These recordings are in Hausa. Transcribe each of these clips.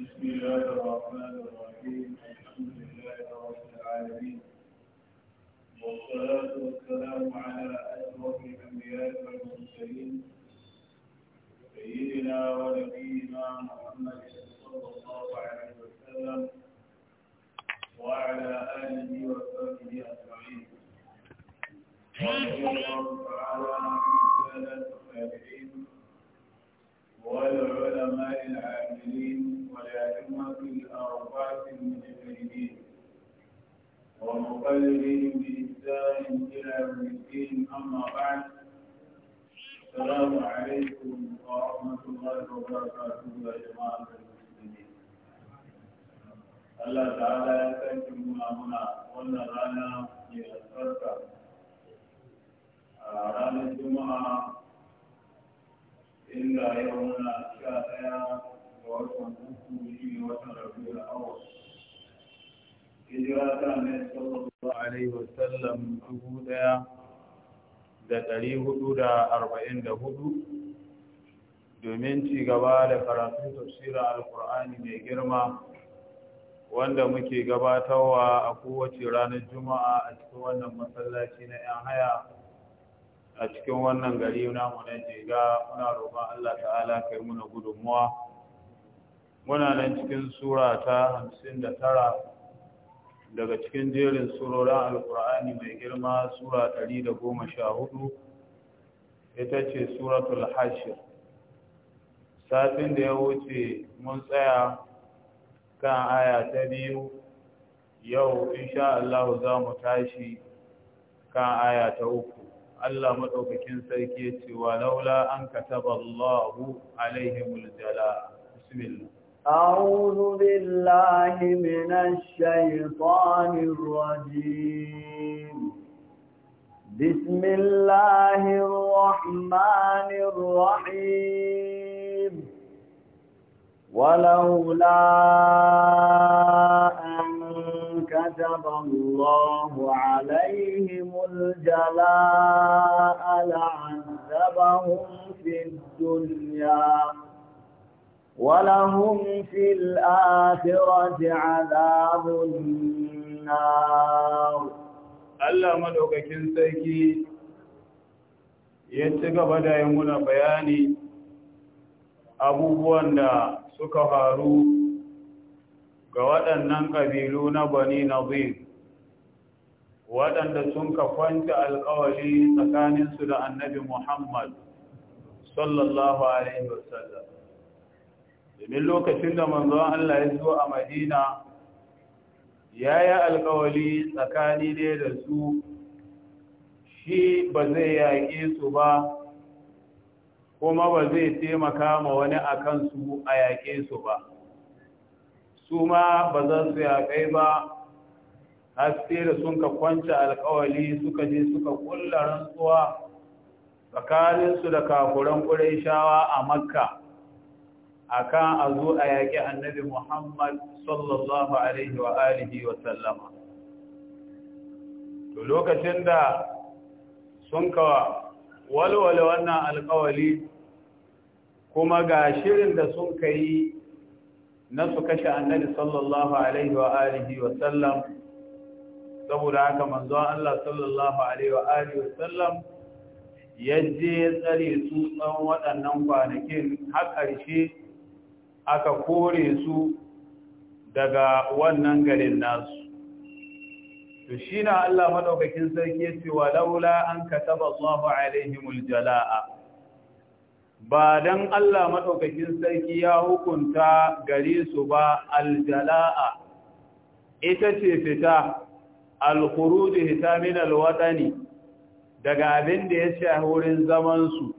بسم الله الرحمن الرحيم الحمد لله رب العالمين والصلاة والسلام على أشرف الأنبياء والمرسلين سيدنا ونبينا محمد صلى الله عليه وسلم وعلى آله وصحبه أجمعين ورضي الله تعالى عن التابعين والعلماء العاملين ومقلدهم بإحسان إلى يوم الدين أما بعد السلام عليكم ورحمة الله وبركاته يا جماعة المسلمين الله تعالى يسلمنا هنا قلنا لنا في البركة آه، رانا الجمعة إلا يومنا الشافعي ورحمة الله وبركاته hijira ta mai sallallahu alaihi Sallam dubu daya da ɗari hudu da arba'in da hudu domin ci gaba da karatun tafsirin alkur'ani mai girma wanda muke gabatarwa a kowace ranar juma'a a cikin wannan masallaci na 'yan haya a cikin wannan gari namu na jega muna roƙon allah ta'ala kai mu na gudunmuwa muna nan cikin sura ta 59 daga cikin jerin surorin alkur'ani mai girma sura 114 ita ce suratul hashir satin da ya wuce mun tsaya kan aya ta biyu yau insha Allah za mu tashi kan aya ta uku Allah maɗaukakin sarki ya ce wa laula an kataballahu Allahu alaihimul jala bismillah أعوذ بالله من الشيطان الرجيم بسم الله الرحمن الرحيم ولولا أن كتب الله عليهم الجلاء لعذبهم في الدنيا ولهم في الآخرة عذاب النار الله ملوك كنسيكي يتقب دا يمنا بياني abubuwan da suka faru ga waɗannan ƙabilu na bani nazir waɗanda sun kafanta alƙawari tsakaninsu da annabi muhammad sallallahu alaihi wasallam domin lokacin da manzon Allah ya zo a madina ya yi alkawali tsakani ne da su shi ba zai yaƙe su ba kuma ba zai taimaka ma wani a kansu a yaƙe su ba su ma ba za su yaƙai ba haske da sun ka kwanci alkawali suka je suka kulla rantsuwa tsakaninsu da kafuran ƙurai shawa a makka akan a zo a yaƙi annabi Muhammad sallallahu alaihi wa alihi wa sallama to lokacin da sun kawa walwale wannan alƙawali kuma ga shirin da sun kai na su kashe annabi sallallahu alaihi wa alihi wa sallam saboda haka manzon Allah sallallahu alaihi wa alihi wa sallam ya je tsare su tsawon waɗannan kwanakin har ƙarshe aka kore su daga wannan garin nasu to shi na Allah maɗaukakin sarki ya ce wa laula an ka kataba Allahu alaihimul jalaa ba don Allah maɗaukakin sarki ya hukunta gari su ba aljalaa ita ce fita alkhuruj hita min alwatani daga abin da ya shahurin zaman su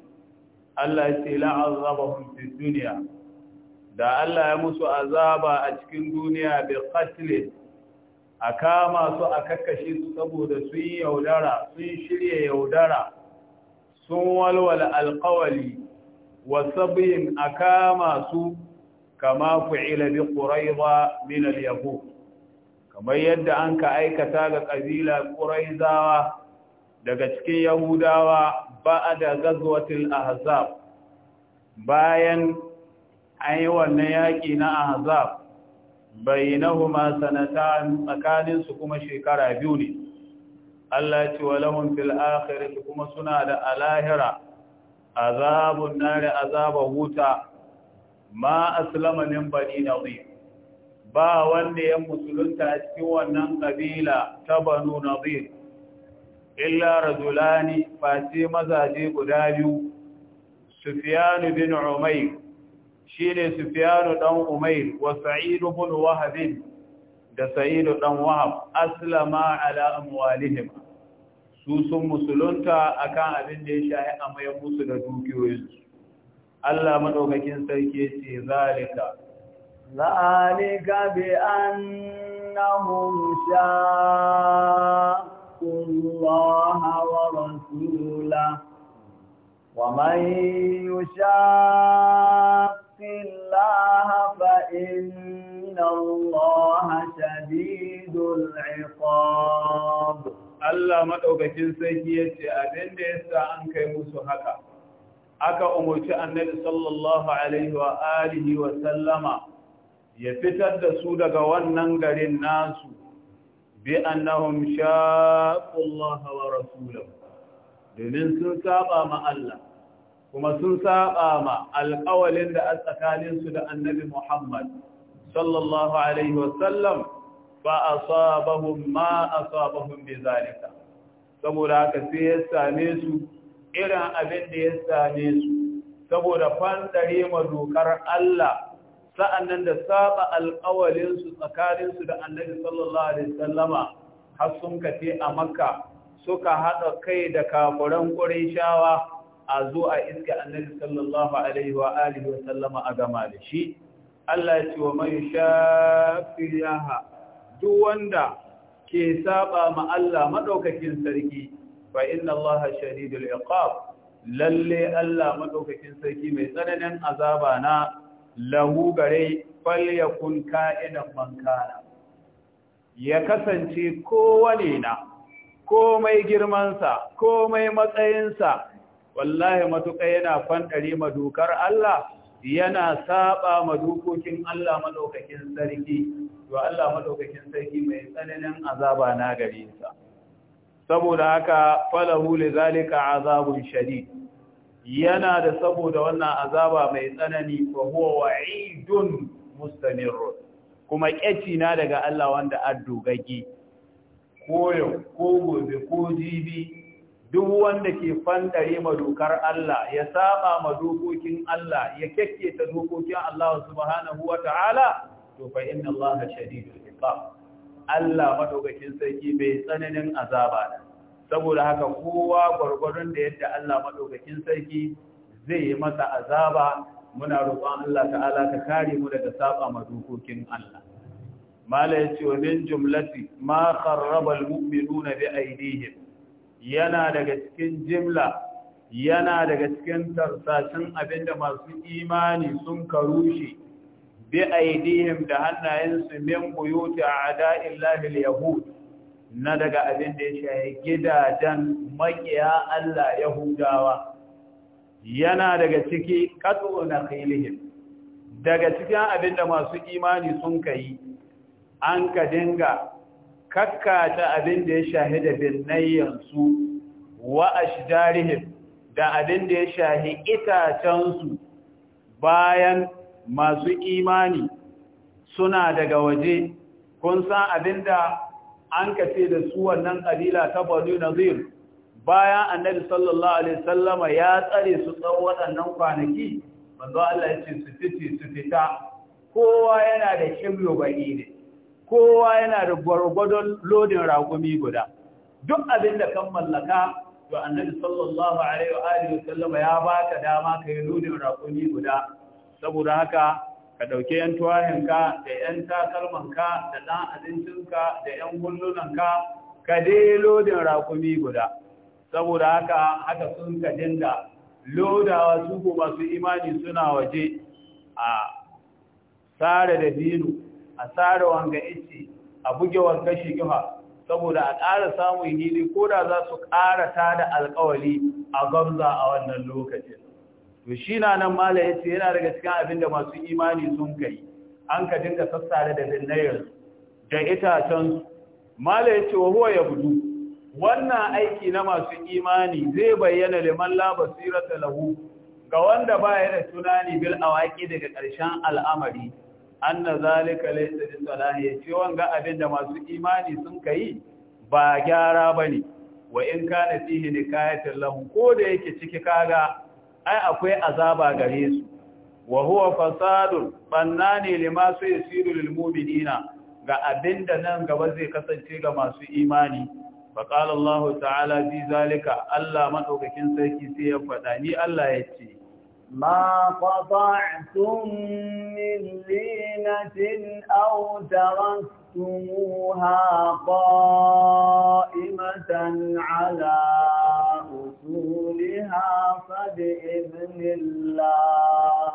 Allah ya ce la'azabahum fid duniya. da Allah ya musu azaba a cikin duniya bi qatli a kama su a kakkashe su saboda sun yaudara sun shirye yaudara sun walwala alqawli wa sabin a kama su kama fu'ila bi quraiza min al kamar yadda an ka aikata ga kabila quraizawa daga cikin yahudawa ba'da ghazwatil ahzab bayan an yi wannan yaƙi na ahzab bainahuma sanatan tsakanin su kuma shekara biyu ne Allah ce wa lahum fil akhirati kuma suna da alahira azabun nari azaba huta ma aslama min bani nadir ba wanda ya musulunta a cikin wannan kabila ta banu nadir illa rajulani fati mazaje guda biyu sufyan bin umayr shine sufiyanu dan Umair wa Sa'id ibn Wahab da Sa'idu dan Wahab aslama ala amwalihim su sun musulunta akan abin da ya shahi amayan musu da dukiyoyinsu Allah madaukakin sarki ce zalika zalika bi annahum sha'u Allah wa ومن يشاق الله فإن الله شديد العقاب Allah maɗaukakin sarki ya ce abin da ya sa an kai musu haka, aka umarci annabi sallallahu Alaihi wa alihi wa sallama ya fitar da su daga wannan garin nasu, bi annahum shaqullaha wa rasulahu domin sun saba ma Allah. kuma sun saba ma alƙawalin da a tsakaninsu da annabi Muhammad sallallahu alaihi wasallam ba a sabahun ma a sabahun bai zalika saboda haka sai ya same su irin abin da ya same su saboda fandare ma dokar Allah sa'annan da saba alƙawalinsu tsakaninsu da annabi sallallahu alaihi wasallama har sun kace a makka suka haɗa kai da kafuran shawa. a zo a iska annabi sallallahu alaihi wa alihi wa sallama a gama da shi Allah ya ce wa mai shafiyaha duk wanda ke saba ma Allah madaukakin sarki fa inna Allah shadidul iqab lalle Allah madaukakin sarki mai tsananin azaba na lahu gare falyakun ka'idan mankana ya kasance kowane na komai girmansa komai matsayinsa wallahi matuƙa yana fanɗari ma dokar Allah yana saba ma dokokin Allah madaukakin sarki to Allah madaukakin sarki mai tsananin azaba na gare sa saboda haka falahu lizalika azabun shadid yana da saboda wannan azaba mai tsanani fa huwa wa'idun mustamir kuma kyaci na daga Allah wanda addogage Koyo ko gobe ko jibi duk wanda ke fandare ma dokar Allah ya saba ma dokokin Allah ya ta dokokin Allah subhanahu wata'ala to fa inna Allah shadidul iqab Allah madaukakin sarki bai tsananin azaba da saboda haka kowa gwargwaron da yadda Allah madaukakin sarki zai yi masa azaba muna roƙon Allah ta'ala ta kare mu daga saba ma dokokin Allah mala yace wa min jumlati ma kharraba al-mu'minuna bi aydihim yana daga cikin jimla yana daga cikin tarsashin abinda masu imani sun karushe bi aidihim da hannayensu min buyuti a'da'illahi al-yahud na daga abin da ya shaye gidajen makiya Allah Yahudawa yana daga ciki katsu na khilihim daga cikin abinda masu imani sun kai an ka dinga Kakka ta abin da ya shahi da su, wa ashjarihim da abin da ya shahi itacensu bayan masu imani suna daga waje kun san abin da an kace da su wannan kabila ta Bani Nazir bayan Annabi sallallahu alaihi wasallama ya tsare su tsawon waɗannan kwanaki manzo Allah ya ce su fiti su fita kowa yana da kiblo ba'i ne kowa yana da gwargwadon lodin raƙumi guda duk abin da kan mallaka to annabi sallallahu alaihi wa alihi sallama ya baka dama kai lodin rakumi guda saboda haka ka dauke yan tuwahinka da yan takalmanka da dan abincinka da yan gullunanka ka de lodin ragumi guda saboda haka haka sun ka dinga lodawa su ko masu imani suna waje a sare da dinu a tsara wanga ice a buge wanga shigifa saboda a ƙara samun hili ko da za su ƙara ta da alƙawali a gamza a wannan lokacin to shi na nan mala ya ce yana daga cikin abin da masu imani sun kai an ka dinga sassare da zinnayar da itacen mala ya ce wa huwa ya budu wannan aiki na masu imani zai bayyana liman la da lahu ga wanda ba ya da tunani bil awaki daga ƙarshen al'amari anna zalika laysa bi ya ce wanga abin da masu imani sun ka yi ba gyara bane wa in kana fihi nikayatun lahum ko da yake ciki kaga ai akwai azaba gare su wa huwa fasadun bannani lima su yasiru lil mu'minina ga abinda nan gaba zai kasance ga masu imani fa ta'ala fi zalika Allah madaukakin sarki sai ya faɗa. ni Allah yace ما قطعتم من لينة أو تركتموها قائمة على أصولها فبإذن الله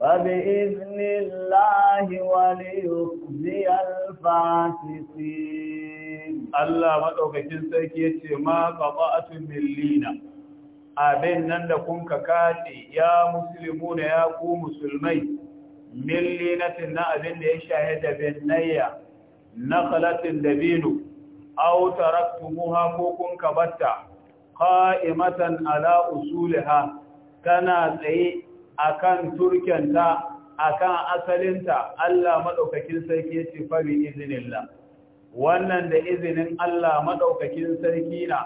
فبإذن الله وليخزي الفاسقين الله ما توقيت سيكي ما قطعتم من لينة abin nan da kun ka ya musulmu na ya ku musulmai millinatin na abin da ya shahada bin nayya na khalatin dabino aw taraktumuha ko kun ka batta qa'imatan ala usuliha tana tsaye akan turkenta akan asalinta Allah madaukakin sarki yace fa bi iznillah wannan da izinin Allah Maɗaukakin sarki na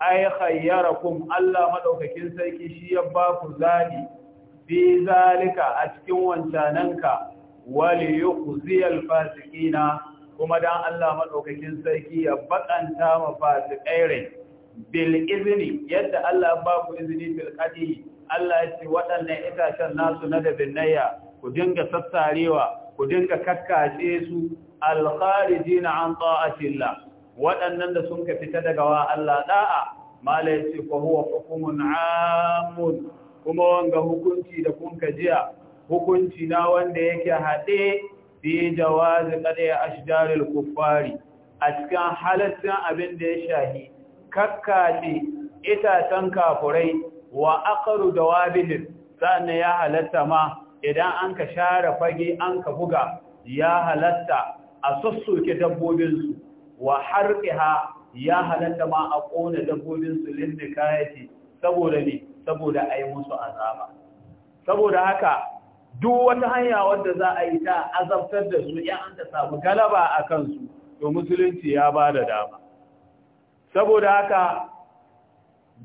ai khayyarakum Allah madaukakin sarki shi ya ba ku zabi fi zalika a cikin wancananka wali yuqziyal fasiqina kuma dan Allah madaukakin sarki ya bakanta ma fasikai rai bil izni yadda Allah ba ku izini bil qadi Allah ya ce waɗannan itacen nasu na da binnayya ku dinga sassarewa ku dinga kakkace su al kharijina an ta'atillah waɗannan da sun ka fita daga wa Allah da'a mala ya ce huwa hukumun amun kuma wanga hukunci da kun ka jiya hukunci na wanda yake haɗe fi jawazi qadi ashjaril kuffari a cikin halattun abin da ya shahi kakkaɗe itatan kafurai wa aqru dawabihim sannan ya halatta ma idan an ka share fage an ka buga ya halatta a sassoke dabbobinsu wa harqiha ya halatta ma a kona dabbobin su linnikayaci saboda ne saboda ai musu azaba saboda haka duk wata hanya wadda za a yi ta azabtar da su ya an samu galaba a kansu to musulunci ya bada dama saboda haka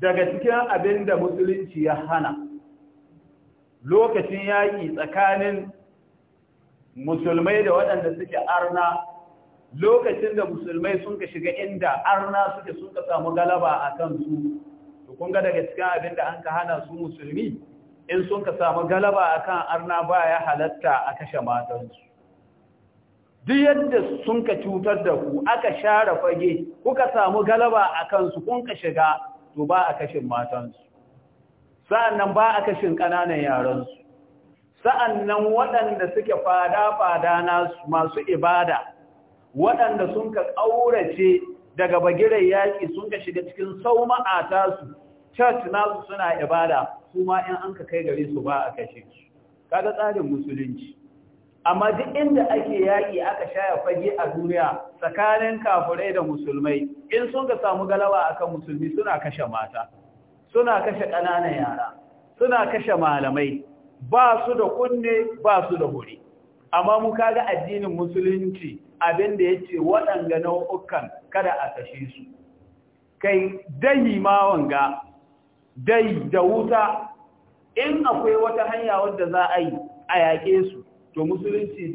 daga cikin abin da musulunci ya hana lokacin yaƙi tsakanin musulmai da waɗanda suke arna lokacin da musulmai sun ka shiga inda arna suke sun ka samu galaba a kan su to kun ga daga cikin abin da an ka hana su musulmi in sun ka samu galaba a kan arna ba ya halatta a kashe matansu duk yadda sun ka cutar da ku aka share fage kuka samu galaba a kansu kun ka shiga to ba a kashin matansu sa'annan ba a kashin ƙananan yaransu sa'annan waɗanda suke fada-fada nasu masu ibada waɗanda sun ka ƙaurace daga bagirar yaƙi sun ka shiga cikin sau ma'ata tasu church su suna ibada su ma in an ka kai gare su ba a kashe su kaga tsarin musulunci amma duk inda ake yaƙi aka shaya fage a duniya tsakanin kafurai da musulmai in sun ka samu galawa akan musulmi suna kashe mata suna kashe ƙananan yara suna kashe malamai ba su da kunne ba su da hore amma mu kaga addinin musulunci abin da ya ce waɗanga nau'ukan kada a kashe su kai dayi ma wanga dai da wuta in akwai wata hanya wadda za a yi a yaƙe su to musulunci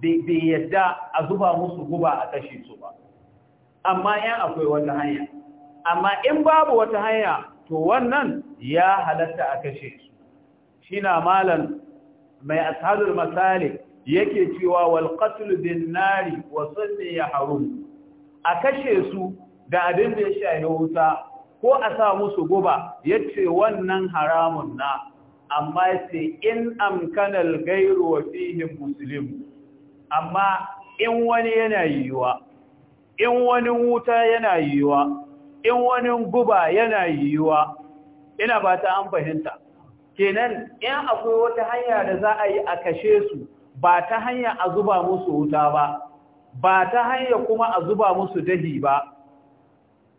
bai yadda a zuba musu guba a kashe su ba amma yan akwai wata hanya amma in babu wata hanya to wannan ya halatta a kashe su shi na malan mai asalin masalik yake cewa wal qatl bin nari wa sunni ya harum a kashe su da abin da ya shaye wuta ko a sa musu guba yace wannan haramun na amma yace in amkanal gairu ghayru wa fihi muslim amma in wani yana yiwa in wani wuta yana yiwa in wani guba yana yiwa ina ba ta an fahimta kenan in akwai wata hanya da za a yi a kashe su ba ta hanya a zuba musu wuta ba ba ta hanya kuma a zuba musu dahi ba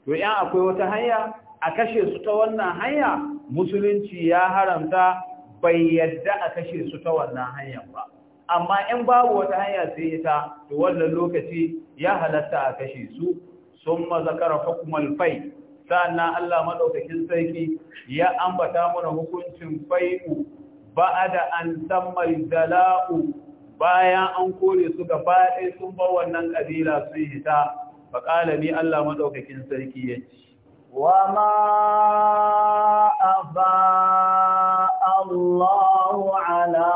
to yan akwai wata hanya a kashe su ta wannan hanya musulunci ya haramta bai yadda a kashe su ta wannan hanya ba amma in babu wata hanya sai ita to wannan lokaci ya halatta a kashe su sun mazakara hukumar fai sannan Allah maɗaukakin sarki ya ambata mana hukuncin fai'u ba da an sammal dala'u bayan an kore su ga faɗe sun ba wannan ƙabila sun yi ta faƙala Allah maɗaukakin sarki ya ci. Wa ma'aba Allah ala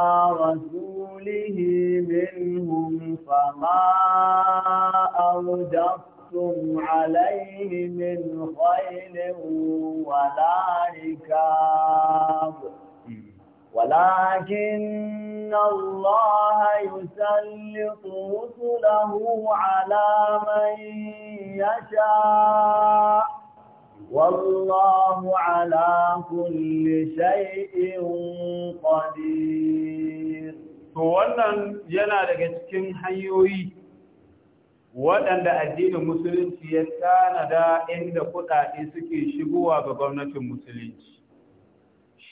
rasulihi min hun fama aljan. عليه من خيل ولا ركاب ولكن الله يسلط رسله على من يشاء والله على كل شيء قدير to wannan yana daga cikin hanyoyi waɗanda addinin musulunci ya tanada inda kuɗaɗe suke shigowa ga gwamnatin musulunci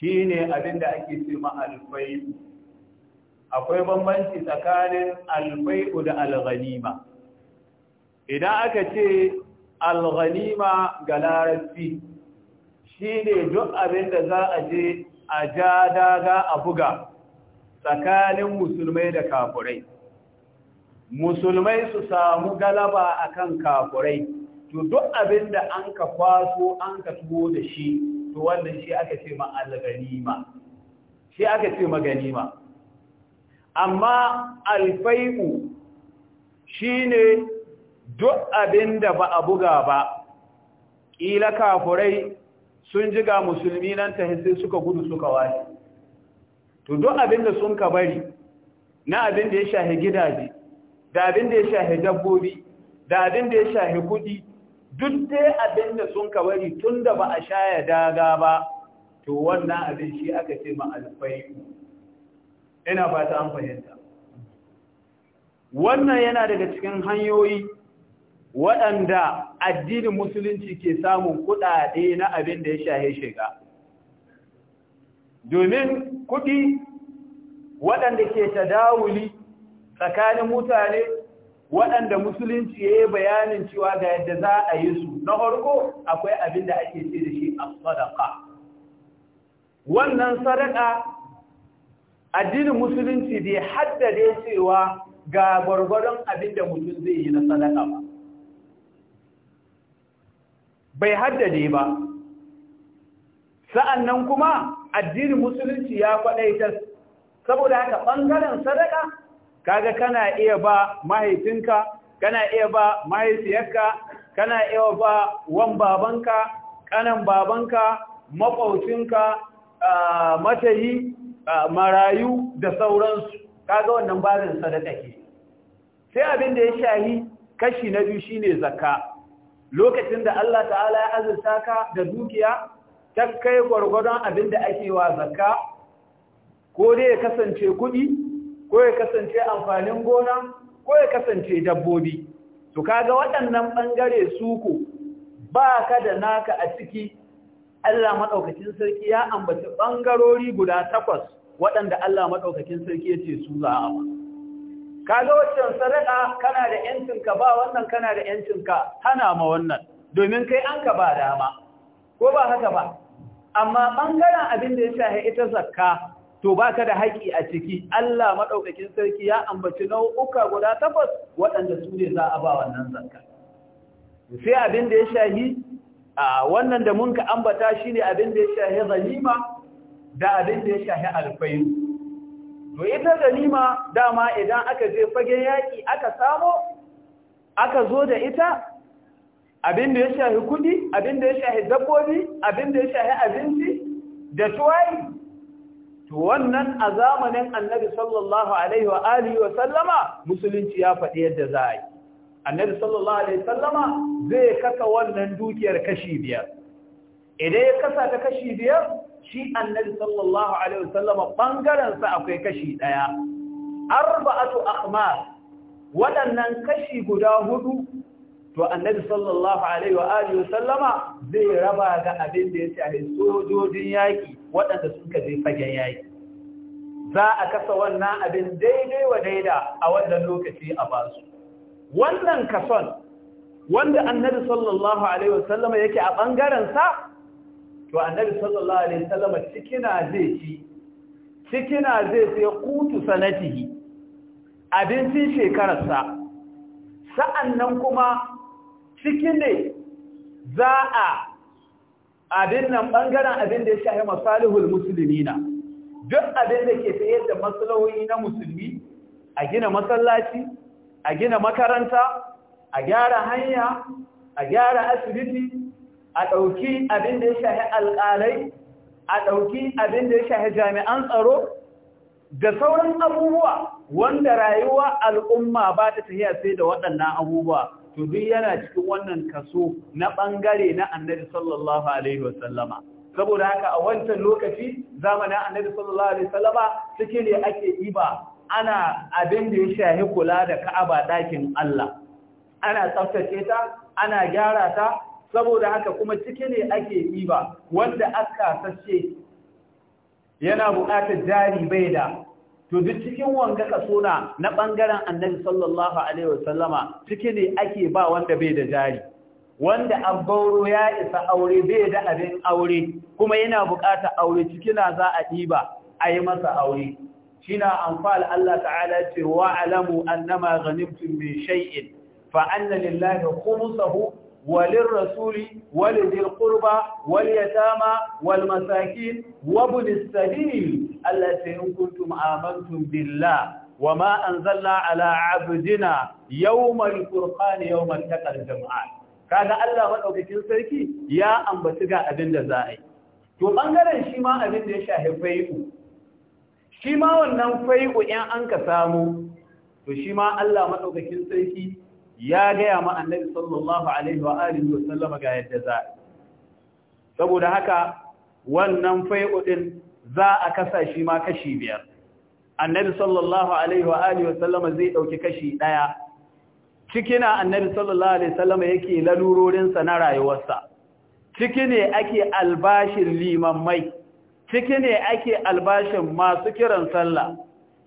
shine abinda ake ce ma akwai bambanci tsakanin alfai da alghanima idan aka ce alghanima ga larabci shine duk abinda za a je a ja daga a buga tsakanin musulmai da kafurai musulmai su samu galaba akan kafurai to duk abinda an ka kwaso an ka tuwo da shi to wannan shi aka ce ma al-ganima shi aka ce ma ganima amma al-fai'u shine duk abinda ba a buga ba ƙila kafurai sun ji ga musulmi nan ta sai suka gudu suka wace to duk abinda sun ka bari na abinda ya shahi gidaje da abinda ya shahi dabbobi da abinda ya shahi kudi duk dai abin da sun ka bari tun da ba a shaya daga ba to wannan abin shi aka ce ma alfai ina fata an fahimta wannan yana daga cikin hanyoyi waɗanda addinin musulunci ke samun kuɗaɗe na abin da ya shahe shiga domin kuɗi waɗanda ke ta tadawuli tsakanin mutane waɗanda musulunci ya yi bayanin cewa ga yadda za a yi su na farko akwai abin da ake ce da shi a sadaka wannan sadaka addinin musulunci bai haddade cewa ga gwargwaron abin da mutum zai yi na sadaka ba bai haddade ba sa'annan kuma addinin musulunci ya faɗaitar saboda haka ɓangaren sadaka kaga kana iya ba mahaifinka kana iya ba mahaifiyarka kana iya ba wan babanka kanan babanka makwautinka matayi marayu da sauransu kaga wannan bazin sadaka ke sai abin da ya shahi kashi na biyu shine zakka lokacin da Allah ta'ala ya azurta ka da dukiya ta kai gwargwadon abin da ake wa zakka ko dai ya kasance kuɗi ko ya kasance amfanin gona ko ya kasance dabbobi to kaga waɗannan su suku ba ka da naka a ciki Allah madaukakin sarki ya ambaci ɓangarori guda takwas waɗanda Allah madaukakin sarki ya ce su za a ba. Ka ga sarada sadaka kana da ka ba wannan kana da yancin ka hana ma wannan domin kai an ka ba dama, ko ba haka ba. Amma ɓangaren abin da ya shahe ita zakka to ba ka da haƙi a ciki Allah maɗaukakin sarki ya ambaci nau'uka guda takwas waɗanda su ne za a ba wannan zakka sai abin da ya shahi a wannan da mun ka ambata shi ne abin da ya shahi zalima da abin da ya shahi alfayin. to ita zalima dama idan aka je fage yaƙi aka samo aka zo da ita abin da ya shahi kuɗi abin da ya shahi dabbobi abin da ya shahi abinci da tuwai to wannan a zamanin annabi sallallahu alaihi wa wa sallama musulunci ya faɗi yadda za a yi annabi sallallahu alaihi wa sallama zai kasa wannan dukiyar kashi biyar idan ya kasa ta kashi biyar shi annabi sallallahu alaihi wa sallama ɓangarensa akwai kashi ɗaya arba'atu akhmar waɗannan kashi guda hudu to annabi sallallahu alaihi wa alihi sallama zai raba ga abin da ya shahi sojojin yaƙi waɗanda sun ka je fagen yayi za a kasa wannan abin daidai wa daida a wannan lokaci a basu wannan kason wanda annabi sallallahu alaihi wasallama yake a bangaren sa to annabi sallallahu alaihi wasallama cikina zai ci cikina zai sai kutu sanatihi abincin shekararsa sa'annan kuma cikin ne za a abin nan bangaren abin da ya shahi masalihul na, duk abin da ke tsaye da maslahohi na musulmi a gina masallaci a gina makaranta a gyara hanya a gyara asibiti a ɗauki abin da ya shahi alƙalai a ɗauki abin da ya shahi jami'an tsaro da sauran abubuwa wanda rayuwa al'umma ba ta tafiya sai da waɗannan abubuwa to duk yana cikin wannan kaso na ɓangare na annabi sallallahu alaihi wasallama saboda haka a wancan lokaci zamanin annabi sallallahu alaihi wasallama suke ne ake iba ana abin da ya shahi kula da ka'aba ɗakin Allah ana tsaftace ta ana gyara ta saboda haka kuma cike ne ake iba wanda aka sasce yana buƙatar jari bai da to duk cikin wanga kaso na na bangaren annabi sallallahu alaihi wasallama ciki ne ake ba wanda bai da jari wanda an ya isa aure bai da abin aure kuma yana bukata aure ciki na za a diba ayi masa aure Shina na Allah ta'ala ce wa alamu annama ghanimtum min shay'in fa anna lillahi khumsahu وللرسول ولذي القربى واليتامى والمساكين وابن السبيل التي إن كنتم آمنتم بالله وما أنزلنا على عبدنا يوم الفرقان يوم التقى الجمعان kaga Allah madaukakin sarki ya ambaci ga abin da za a yi to bangaren shi ma abin da ya shahi fai'u shi ma wannan fai'u in an ka samu to shi ma Allah madaukakin sarki ya gaya ma annabi sallallahu alaihi wa alihi wa sallama ga yadda za saboda haka wannan fai'u din za a kasa shi ma kashi biyar annabi sallallahu alaihi wa alihi wa sallama zai dauki kashi daya cikina annabi sallallahu alaihi wa sallama yake lalurorinsa na rayuwarsa ciki ne ake albashin limammai ciki ne ake albashin masu kiran sallah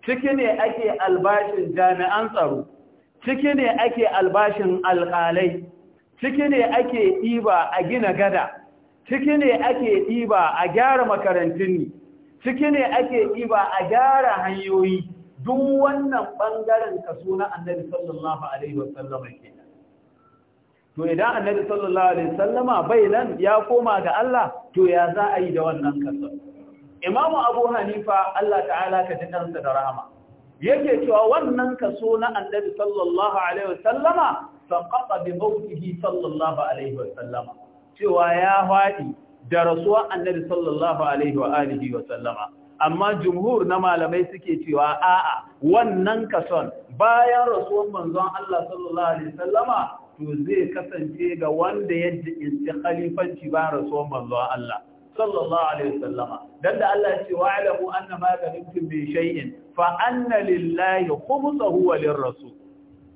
ciki ne ake albashin jami'an tsaro ciki ne ake albashin alƙalai ciki ne ake ɗiba a gina gada ciki ne ake ɗiba a gyara makarantun ciki ne ake ɗiba a gyara hanyoyi duk wannan ɓangaren kaso na annabi sallallahu alaihi wasallama ke to idan annabi sallallahu alaihi wasallama bai nan ya koma ga Allah to ya za a yi da wannan kaso imamu abu hanifa Allah ta'ala ka ji kansa da rahama yake cewa wannan kaso na annabi sallallahu alaihi wasallama sanqata bi mawtihi sallallahu alaihi wasallama cewa ya fadi da rasuwa annabi sallallahu alaihi wa alihi wasallama amma jumhur na malamai suke cewa a'a wannan kason bayan rasuwan manzon Allah sallallahu alaihi wasallama to zai kasance ga wanda yadda in khalifanci bayan rasuwan manzon Allah sallallahu alaihi wasallama don da Allah ce wa alamu anna ma ganimtum bi shay'in fa anna lillahi khumsahu rasu.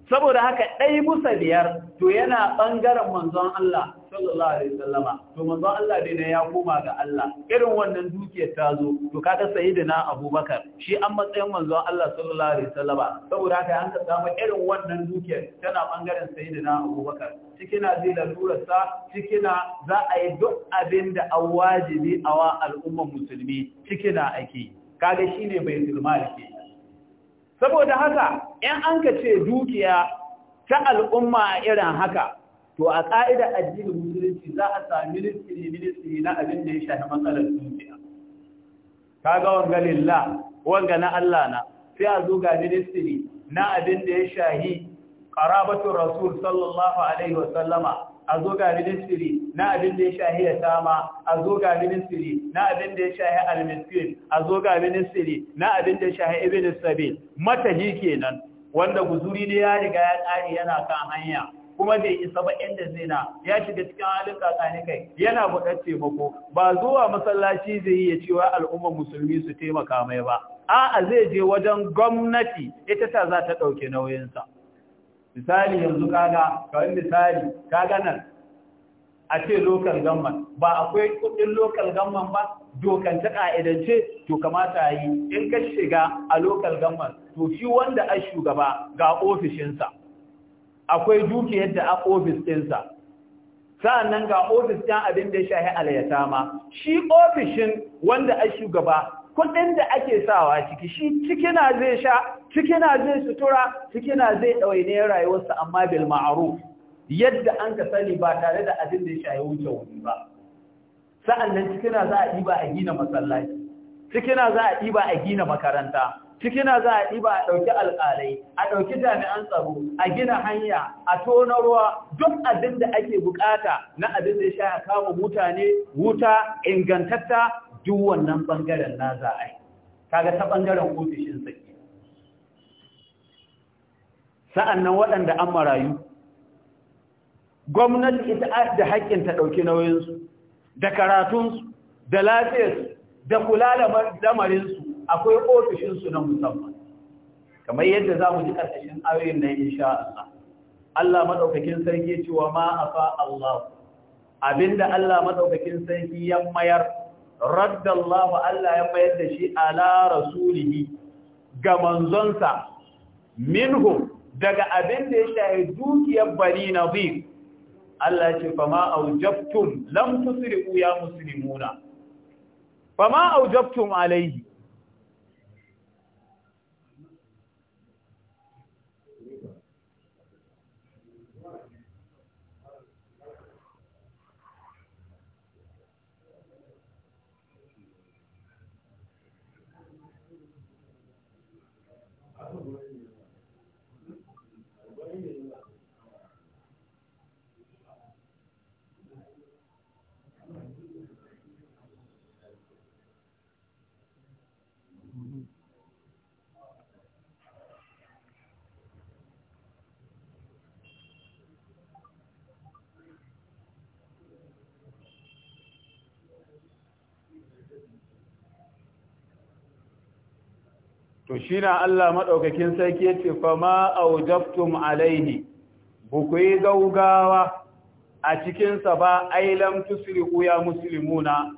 saboda haka dai musa biyar to yana bangaren manzon Allah sallallahu alaihi wasallama to manzon Allah dai ne ya koma ga Allah irin wannan dukiyar ta zo to kaga sayyidina Abubakar shi an matsayin manzon Allah sallallahu alaihi wasallama saboda haka an ka samu irin wannan dukiyar tana bangaren sayyidina Abubakar cikin zai lalurar sa cikin za a yi duk abin da an wajibi a wa al'ummar musulmi cikin ake kaga shine bai mal ke saboda haka in an ka ce dukiya ta al'umma irin haka to a ƙa'idar addinin musulunci za a sami ministiri ministiri na abin da ya shafi matsalar dukiya ka ga wanga lillah wanga na Allah na sai a zo ga ministiri na abin da ya shahi qarabatu rasul sallallahu alaihi wa sallama a zo ga ministiri na abin da ya shahi ya sama a zo ga ministiri na abin da ya shahi al-miskin a zo ga ministiri na abin da ya shahi ibn sabil matahi kenan wanda guzuri ne ya riga ya ƙare yana kan hanya kuma bai isa ba inda zina ya shiga cikin halin kakani kai yana buƙatar taimako ba zuwa masallaci zai yi ya cewa al'ummar musulmi su taimaka mai ba a'a zai je wajen gwamnati ita ta za ta ɗauke nauyinsa misali yanzu kaga kawai misali kaga nan a ce lokal gamman ba akwai kuɗin lokal gamman ba dokance ka'idance to kamata yi in ka shiga a lokal gamman to shi wanda a shugaba ga ofishinsa akwai dukiyar da a ofis ɗinsa sa'annan ga ofis ɗin abin da ya shahi alayata ma shi ofishin wanda a shugaba kuɗin da ake sawa ciki shi cikina zai sha cikina zai sutura cikina zai ɗawaine rayuwarsa amma bil ma'aruf yadda an ka sani ba tare da abin da ya shahi wuce wuri ba sa'annan cikina za a ɗiba a gina masallaci cikina za a ɗiba a gina makaranta cikina za a ɗiba a ɗauki alƙalai a ɗauki jami'an tsaro a gina hanya a tona ruwa duk abin da ake bukata na abin da ya sha kama mutane wuta ingantatta duk wannan ɓangaren na za a yi kaga ta ɓangaren ofishin tsaki sa'an nan waɗanda an marayu gwamnati ita da haƙƙin ta ɗauki nauyinsu da karatunsu da lafiyarsu da kula da lamarinsu akwai ofishinsu na musamman kamar yadda za mu ji ƙarƙashin ayoyin na insha Allah Allah maɗaukakin sarki cewa ma afa Allah abinda Allah maɗaukakin sarki ya mayar raddallahu Allah ya mayar da shi ala rasulihi ga manzonsa minhu daga abinda ya shahi dukiyar bani nazir Allah ce fama aujabtum lam tusri'u ya muslimuna fama aujabtum alaihi to Allah maɗaukakin sarki ya ce fama aujaftum alaihi buku yi gaugawa a cikinsa ba ailam tusriku ya musulmuna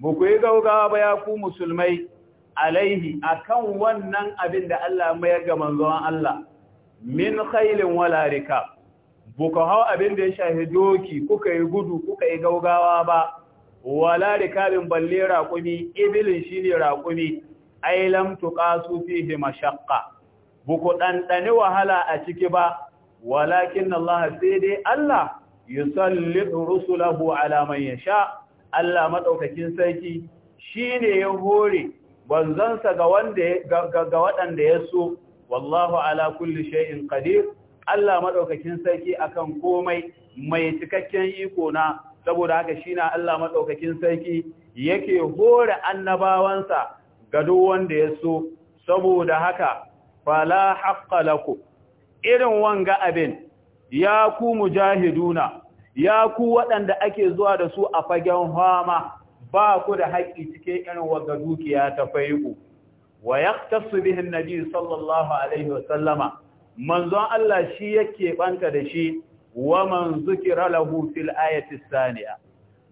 buku yi gaugawa ba ya ku musulmai alaihi akan wannan abin da Allah mayar ga manzon Allah min khailin wala rika buku hau abin da ya shahi doki kuka yi gudu kuka yi gaugawa ba wala bin balle raƙumi ibilin shine raƙumi ai lam tuqasu fihi mashaqqa buku ɗanɗani wahala a ciki ba walakin Allah sai dai Allah yusallidu rusulahu ala man yasha Allah madaukakin sarki shine ya hore banzansa ga ga waɗanda ya so wallahu ala kulli shay'in qadir Allah maɗaukakin sarki akan komai mai cikakken iko na saboda haka shine Allah maɗaukakin sarki yake hore annabawansa ga duk wanda ya so saboda haka fala haqqa laku irin wanga abin ya ku mujahiduna ya ku waɗanda ake zuwa da su a fagen hama ba ku da haƙƙi cikin irin wanga dukiya ta fai'u wa yaqtasu bihi annabi sallallahu alaihi wa sallama manzon Allah shi yake banta da shi wa man zukira lahu fil ayati thaniya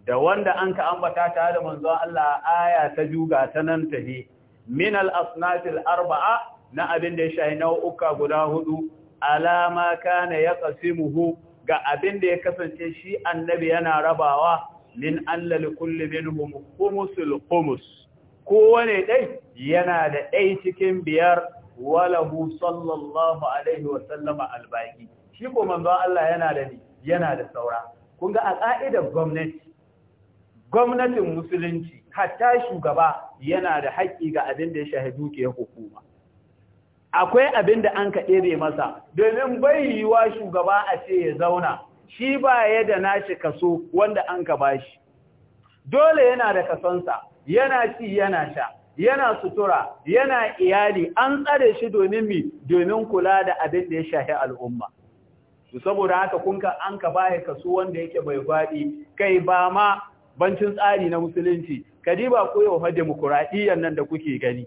da wanda an ka ambata tare da manzon Allah aya ta juga ta nan tahi min al-asnatil arba'a na abin da ya shahi nau'uka guda hudu alama kana yaqsimuhu ga abin da ya kasance shi annabi yana rabawa min allal kulli minhum khumsul khums dai yana da dai cikin biyar walahu sallallahu alaihi wa sallama albaqi shi ko manzo Allah yana da ni yana da saura kun ga a ka'idar gwamnati gwamnatin musulunci hatta shugaba yana da haƙƙi ga abin da ya shahidu ke hukuma akwai abin da an ka ɗebe masa domin bai yiwuwa shugaba a ce ya zauna shi ba ya da nashi kaso wanda an ka bashi dole yana da kasonsa yana ci yana sha yana sutura yana iyali an tsare shi domin mi domin kula da abin da ya shahi al'umma saboda haka kunka an ka bahe kaso wanda yake bai faɗi kai ba ma bancin tsari na musulunci kadiba ko yau demokuraɗiyyar nan da kuke gani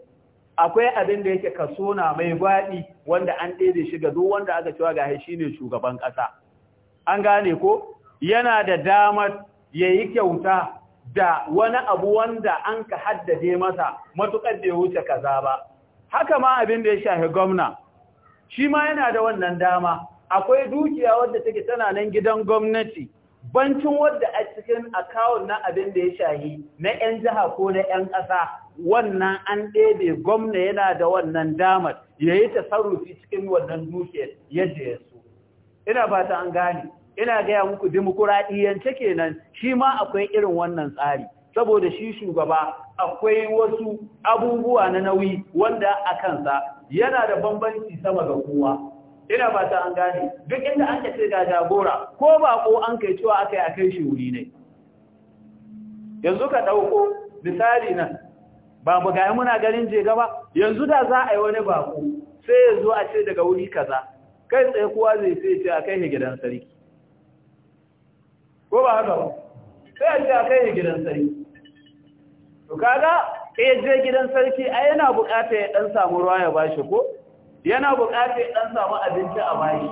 akwai abin da yake kaso na mai gwaɗi wanda an ɗaiɗe shi ga duk wanda aka cewa ga shi ne shugaban ƙasa an gane ko yana da damar ya yi kyauta da wani abu wanda an ka haddade masa matuƙar da ya wuce kaza ba haka ma abin da ya shafi gwamna shi ma yana da wannan dama akwai dukiya wadda take tana nan gidan gwamnati bancin wadda a cikin akawun na abin da ya shahi na 'yan jiha ko na 'yan ƙasa wannan an ɗebe gwamna yana da wannan damar ya yi tasarrufi cikin wannan dukiyar yadda ya so. Ina ba ta an gane, ina gaya muku dimokuraɗiyyance kenan shi ma akwai irin wannan tsari, saboda shi shugaba akwai wasu abubuwa na nauyi wanda a kansa yana da bambanci sama ga kowa. ina ba ta an gane duk inda an kace ga jagora ko ba ko an kai cewa akai akai shi wuri ne yanzu ka dauko misali nan ba mu ga muna garin je gaba yanzu da za a yi wani bako sai ya zo a ce daga wuri kaza kai tsaye kowa zai sai ya ce akai ne gidan sarki ko ba haka ba sai a ce akai ne gidan sarki to kaga kai eh, je gidan sarki ai yana bukata ya dan samu ruwa ya bashi ko yana buƙatar ya ɗan samu abinci a bayi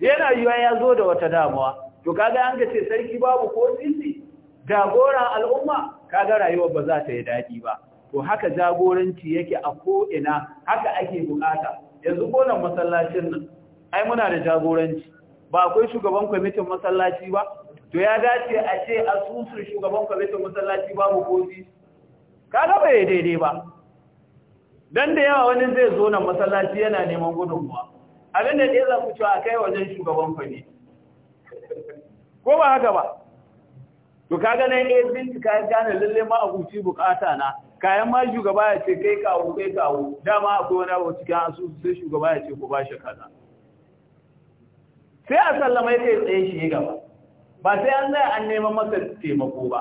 yana yiwa ya zo da wata damuwa to kaga an ga ce sarki babu ko jagoran al'umma kaga rayuwa ba za ta yi daɗi ba to haka jagoranci yake a ko'ina haka ake buƙata yanzu nan masallacin nan ai muna da jagoranci ba akwai shugaban kwamitin masallaci ba to ya dace a ce asusun shugaban kwamitin masallaci babu ko kaga bai daidai ba dan da yawa wani zai zo nan masallaci yana neman gudunmuwa abin da ɗaya za ku cewa kai wajen shugaban fage ko ba haka ba to kaga nan eh bincika ya gane lalle ma abuci bukata na kayan ma shugaba ya ce kai kawo kai kawo dama akwai wani abu cikin asusu sai shugaba ya ce ku ba shi kaza sai a sallama ya kai tsaye shi gaba ba sai an zai an neman masa taimako ba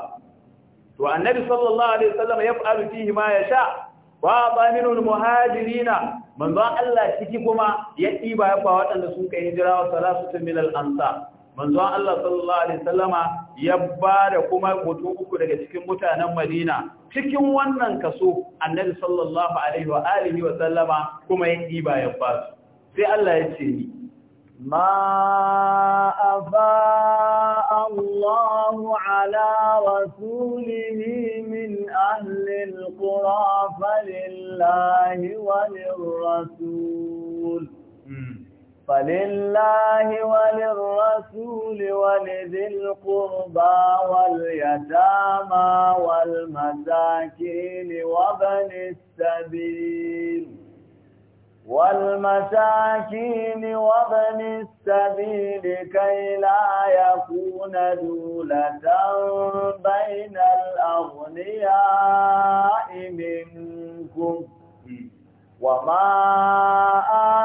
to annabi sallallahu alaihi wasallam ya fa'alu fihi ma yasha wa ba minul muhajirina manzo Allah ciki kuma ya diba ya fa waɗanda sun kai hijira wa salatu min al ansa manzo Allah sallallahu alaihi wasallama ya bada kuma mutu uku daga cikin mutanen Madina cikin wannan kaso annabi sallallahu alaihi wa alihi wa sallama kuma ya diba ya ba sai Allah ya ce ni ما أفاء الله على رسوله من أهل القرى فلله وللرسول فلله وللرسول ولذي القربى واليتامى والمساكين وبن السبيل والمساكين وابن السبيل كي لا يكون دولة بين الأغنياء منكم وما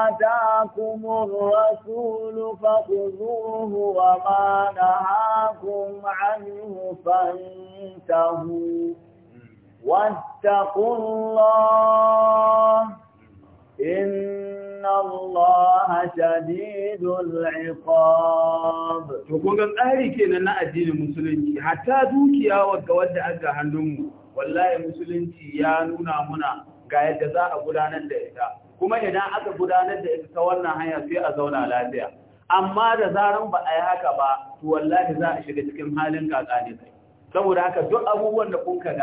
آتاكم الرسول فخذوه وما نهاكم عنه فانتهوا واتقوا الله Inna Allah شديد العقاب to kun ga tsari kenan na addinin musulunci hatta dukiya ga wadda aka hannunmu wallahi musulunci ya nuna muna ga yadda za a gudanar da ita kuma idan aka gudanar da ita ta wannan hanya sai a zauna lafiya amma da zaran ba a yi haka ba to wallahi za a shiga cikin halin kakani kai saboda haka duk abubuwan da kun ga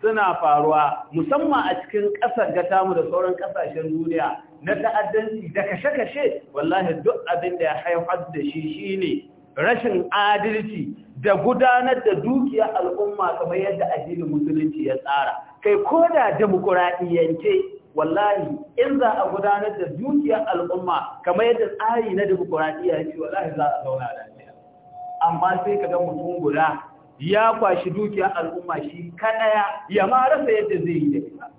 suna faruwa musamman a cikin ƙasar gata mu da sauran ƙasashen duniya na ta'addanci da kashe-kashe wallahi duk abin da ya haifar da shi shine rashin adalci da gudanar da dukiya al'umma kamar yadda addinin musulunci ya tsara kai ko da demokuraɗiyyance wallahi in za a gudanar da dukiya al'umma kamar yadda tsari na demokuraɗiyya ya ce wallahi za a zauna lafiya amma sai ka ga mutum guda ya kwashi dukiyar al'umma shi kadaya ya ma rasa yadda zai yi da ita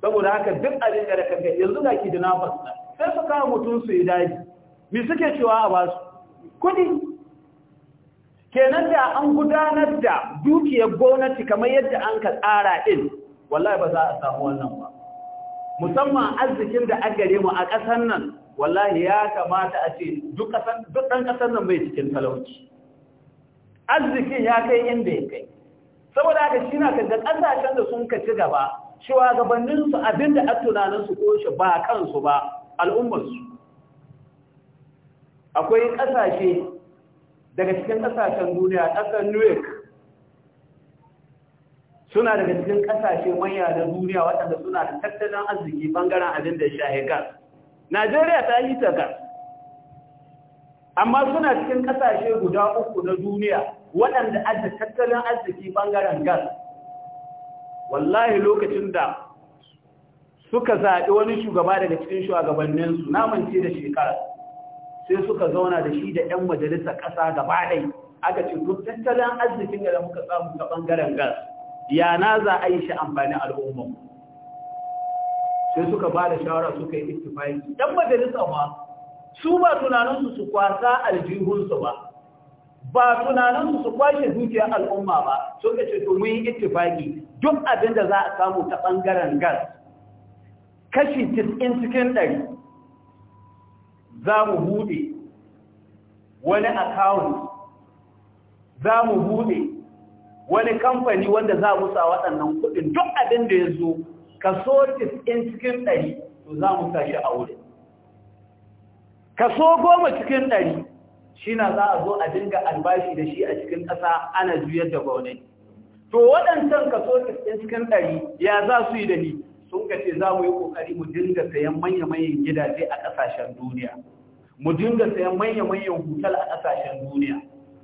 saboda haka duk abin da kanka yanzu ga ki da nafas na sai su kawo mutum su yi daji me suke cewa a basu kudi kenan da an gudanar da dukiyar gwamnati kamar yadda an ka tsara din wallahi ba za a samu wannan ba musamman arzikin da an gare mu a ƙasar nan wallahi ya kamata a ce duk ɗan ƙasar nan bai cikin talauci arzikin ya kai inda ya kai saboda haka shi na da ƙasashen da sun ka ci gaba shugabanninsu abinda a tunaninsu ko shi ba kansu ba al'ummarsu akwai ƙasashe daga cikin ƙasashen duniya ƙasar York suna daga cikin ƙasashe manya na duniya waɗanda suna da tattalin arziki ɓangaren abin da shahe gas najeriya ta yi ta gas amma suna cikin kasashe guda uku na duniya waɗanda ajiye tattalin arziki ɓangaren gas wallahi lokacin da suka zaɓi wani shugaba daga cikin shugabanninsu namance da shekara sai suka zauna da shi da 'yan majalisa ƙasa gaba ɗai aka ce duk tattalin arzikin da muka samu ta ɓangaren gas ya na za a yi shi amfani al'umma sai suka ba da shawara suka yi ittifaki 'yan majalisa ma su ba tunaninsu su kwasa aljihunsu ba ba tunaninsu su kwashe dukiyar al'umma ba so ka ce to mun yi ittifaki duk abin da za a samu ta ɓangaren gas kashi 90 cikin 100 za mu buɗe wani account za mu buɗe wani kamfani wanda za mu sa waɗannan kuɗin duk abin da ya zo kaso 90 cikin 100 to za mu sa aure. a wurin kaso goma cikin ɗari shi na za a zo a dinga albashi da shi a cikin ƙasa ana juyar da gwamnati to waɗancan kaso cikin ɗari ya za su yi da ni sun ka ce za mu yi ƙoƙari mu dinga sayan manya-manyan gidaje a ƙasashen duniya mu dinga sayan manya-manyan hutal a ƙasashen duniya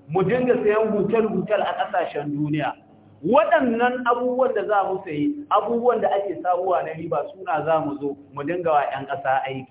mu dinga sayan hutal-hutal a ƙasashen duniya waɗannan abubuwan da za mu sayi abubuwan da ake sabuwa na riba suna za mu zo mu dinga wa 'yan ƙasa aiki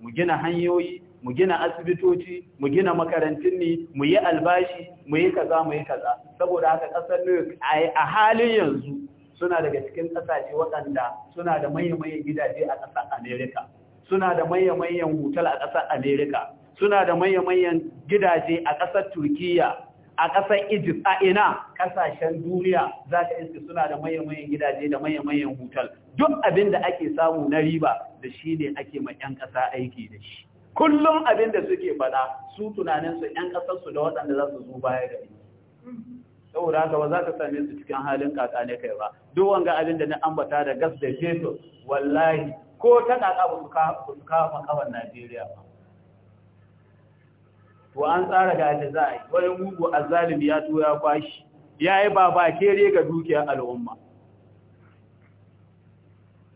mu gina hanyoyi mu gina asibitoci mu gina makarantun ne mu yi albashi mu yi kaza mu yi kaza saboda haka kasar New York a halin yanzu suna daga cikin kasashe waɗanda suna da manya-manyan gidaje a ƙasar America suna da manya-manyan hotel a ƙasar America suna da manya-manyan gidaje a ƙasar Turkiya a ƙasar Egypt a ina ƙasashen duniya za ka iske suna da manya-manyan gidaje da manya-manyan hutal duk abin da ake samu na riba da shi ne ake ma 'yan ƙasa aiki da shi kullum abin da suke faɗa su tunaninsu 'yan ƙasarsu da waɗanda za su zo baya gari saboda haka ba za ka same su cikin halin kaka ne kai ba duk wanga abin da na ambata da gas da fetur wallahi ko ta kaka ba su kama kawan najeriya ba to an tsara ga yadda za a yi wani mugu a zalimi ya to ya kwashi ya yi ba ba kere ga dukiyar al'umma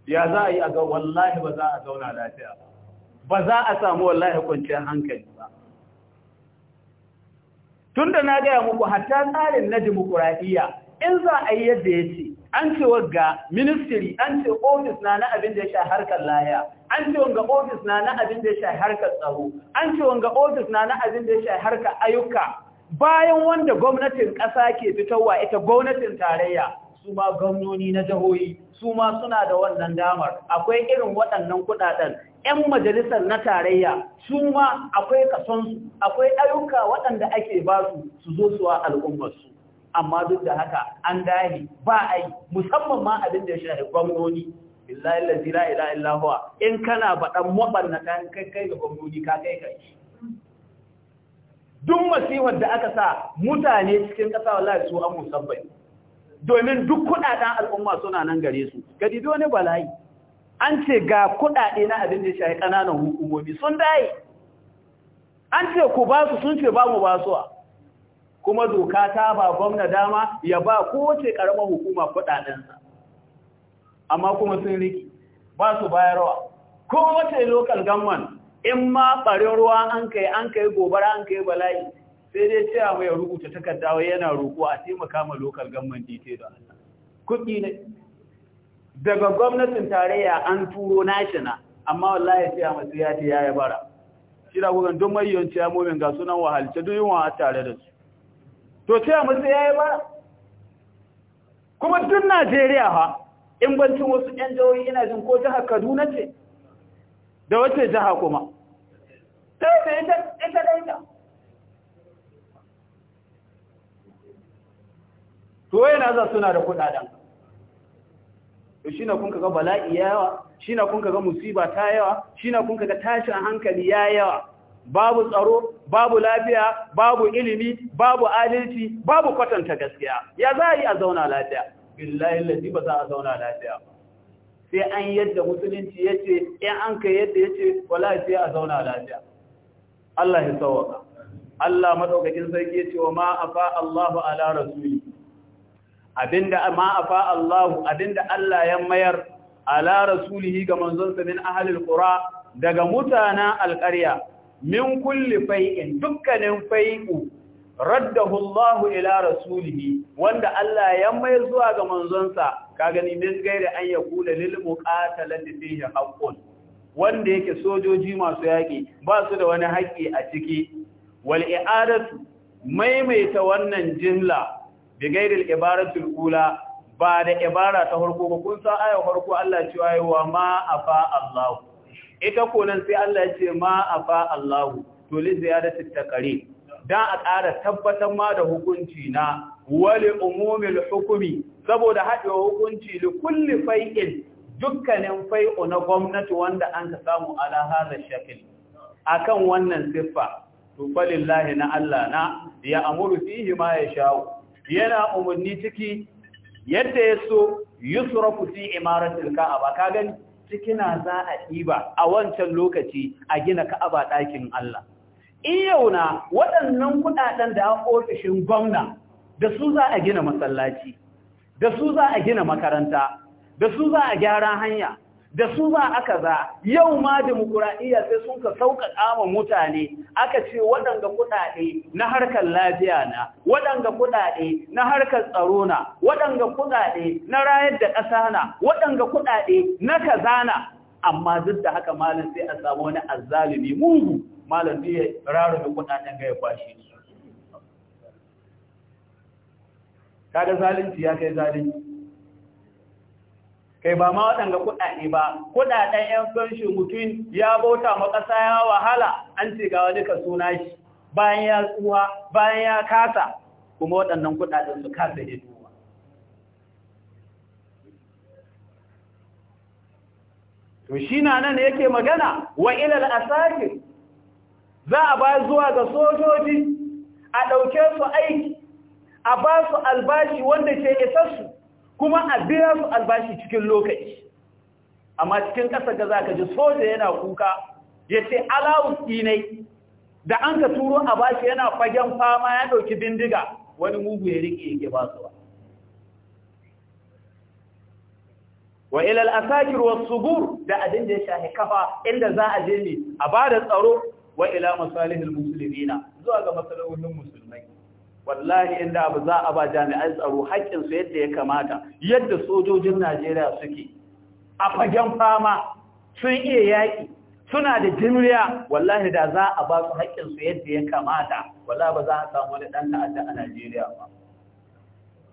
ya za a yi a ga wallahi ba za a zauna lafiya ba ba za a samu wallahi kwanciyar hankali ba tun da na gaya muku hatta tsarin na dimokuraɗiyya in za a yi yadda ya ce an ce wagga ministry an ce ofis na na abin da ya sha harkar laya an ce wanga ofis na na abin da ya sha harkar tsaro an ce wanga ofis na na abin da ya sha harkar ayyuka bayan wanda gwamnatin ƙasa ke fitowa ita gwamnatin tarayya su ma gwamnoni na jihohi su ma suna da wannan damar akwai irin waɗannan kuɗaɗen 'yan majalisar na tarayya su ma akwai kasonsu akwai ayyuka waɗanda ake ba su su zo suwa al'ummarsu amma duk da haka an dahi ba a yi musamman ma abin da ya shafi gwamnoni billahi lazi la ila illa huwa in kana baɗan na kan kai kai ga gwamnoni ka kai kai duk masifar da aka sa mutane cikin ƙasa wallahi su an musabbai domin duk kuɗaɗen al'umma suna nan gare su gadi wani bala'i an ce ga kuɗaɗe na abin da ya shahi ƙananan hukumomi sun dai an ce ku ba su sun ce ba mu ba su kuma doka ta ba gwamna dama ya ba kowace ƙaramar hukuma kuɗaɗensa amma kuma sun riki ba su bayarwa kowace local government in ma ɓarin ruwa an kai an kai gobara an kai bala'i sai dai cewa mai rubuta takardawa yana roƙo a taimaka ma local government dite da Allah kuɗi ne daga gwamnatin tarayya an turo national. amma wallahi sai masu ya ce ya bara shi da kuka don ya ciyamomin ga sunan wahal duk duyin wa tare da su to sai masu ya bara kuma duk najeriya ha in bancin wasu ƴan jawoyi ina jin ko jaha kaduna ce da wace jaha kuma ta yi ita daita to yana za suna da kudaden shi na kun kaga bala'i yawa shi na kun kaga musiba ta yawa shi na kun kaga tashin hankali ya yawa babu tsaro babu lafiya babu ilimi babu adalci babu kwatanta gaskiya ya za a yi a zauna lafiya billahi lalzi ba za a zauna lafiya sai an yadda musulunci ya ce in an ka yadda ya ce wallahi sai a zauna lafiya Allah ya sauwaka Allah madaukakin sarki ya ce wa ma afa Allahu ala rasuli abinda ma afa Allahu abinda Allah ya mayar ala rasulihi ga manzonsa min ahlil qura daga mutanen alƙarya min kulli fai'in dukkanin fai'u raddahu Allah ila rasulihi wanda Allah ya mayar zuwa ga manzonsa ka gani min gaida an yakula lil muqatalati fihi haqqun wanda yake sojoji masu yaƙi ba su da wani haƙƙi a ciki wal i'adatu maimaita wannan jimla bi gairil ibaratul ula ba da ibara ta harko ba kun san ayo harko Allah ce ayi wa ma afa Allah ita ko nan sai Allah ya ce ma afa Allah to li ziyadati takari dan a ƙara tabbatar ma da hukunci na wali umumil hukumi saboda haɗewa hukunci li kulli fai'in dukkanin fai'u na gwamnati wanda an ka samu ala hadha shakil akan wannan siffa to falillahi na Allah na ya amuru fihi ma ya sha'u yana umarni ciki yadda ya so yusrafu fi imaratul ka'aba ka gani cikina za a ɗiba a wancan lokaci a gina ka'aba ɗakin Allah in yau na waɗannan kuɗaɗen da ofishin gwamna da su za a gina masallaci da su za a gina makaranta da su za a gyara hanya da su ba aka za yau ma demokuraɗiyya sai sun ka sauƙaƙa ma mutane aka ce waɗanda kuɗaɗe na harkar lafiya na waɗanda kuɗaɗe na harkar tsaro na waɗanda kuɗaɗe na rayar da ƙasa na waɗanda kuɗaɗe na kaza na amma duk da haka malam sai a samu wani azzalumi mugu malam zai ya da kuɗaɗen ga ya kwashe ni kaga zalunci ya kai zalunci kai ba ma waɗanda kuɗaɗe ba kuɗaɗen 'yan fanshi mutum ya bauta makasa ya wahala an ce ga wani ka suna shi bayan ya tsuwa bayan ya kasa kuma waɗannan kuɗaɗen su kasa hiduwa to shi na nan yake magana wa ilal asakir za a ba zuwa ga sojoji a ɗauke su aiki a ba su albashi wanda ke su. kuma a biya su albashi cikin lokaci amma cikin ƙasa ga za ka ji soja yana kuka ya ce alawus dinai da an ka turo a bashi yana fagen fama ya ɗauki bindiga wani mugu ya riƙe yake ba su ba wa ilal asakir was subur da abin da ya shahi kafa inda za a je ne a ba da tsaro wa ila masalihil muslimina zuwa ga masalolin musulmi wallahi inda abu za a ba jami'ai tsaro su yadda ya kamata yadda sojojin najeriya suke a fagen fama sun iya yaƙi suna da jimriya wallahi da za a ba su haƙƙinsu yadda ya kamata wallahi ba za a samu wani ɗan ta'adda a najeriya ba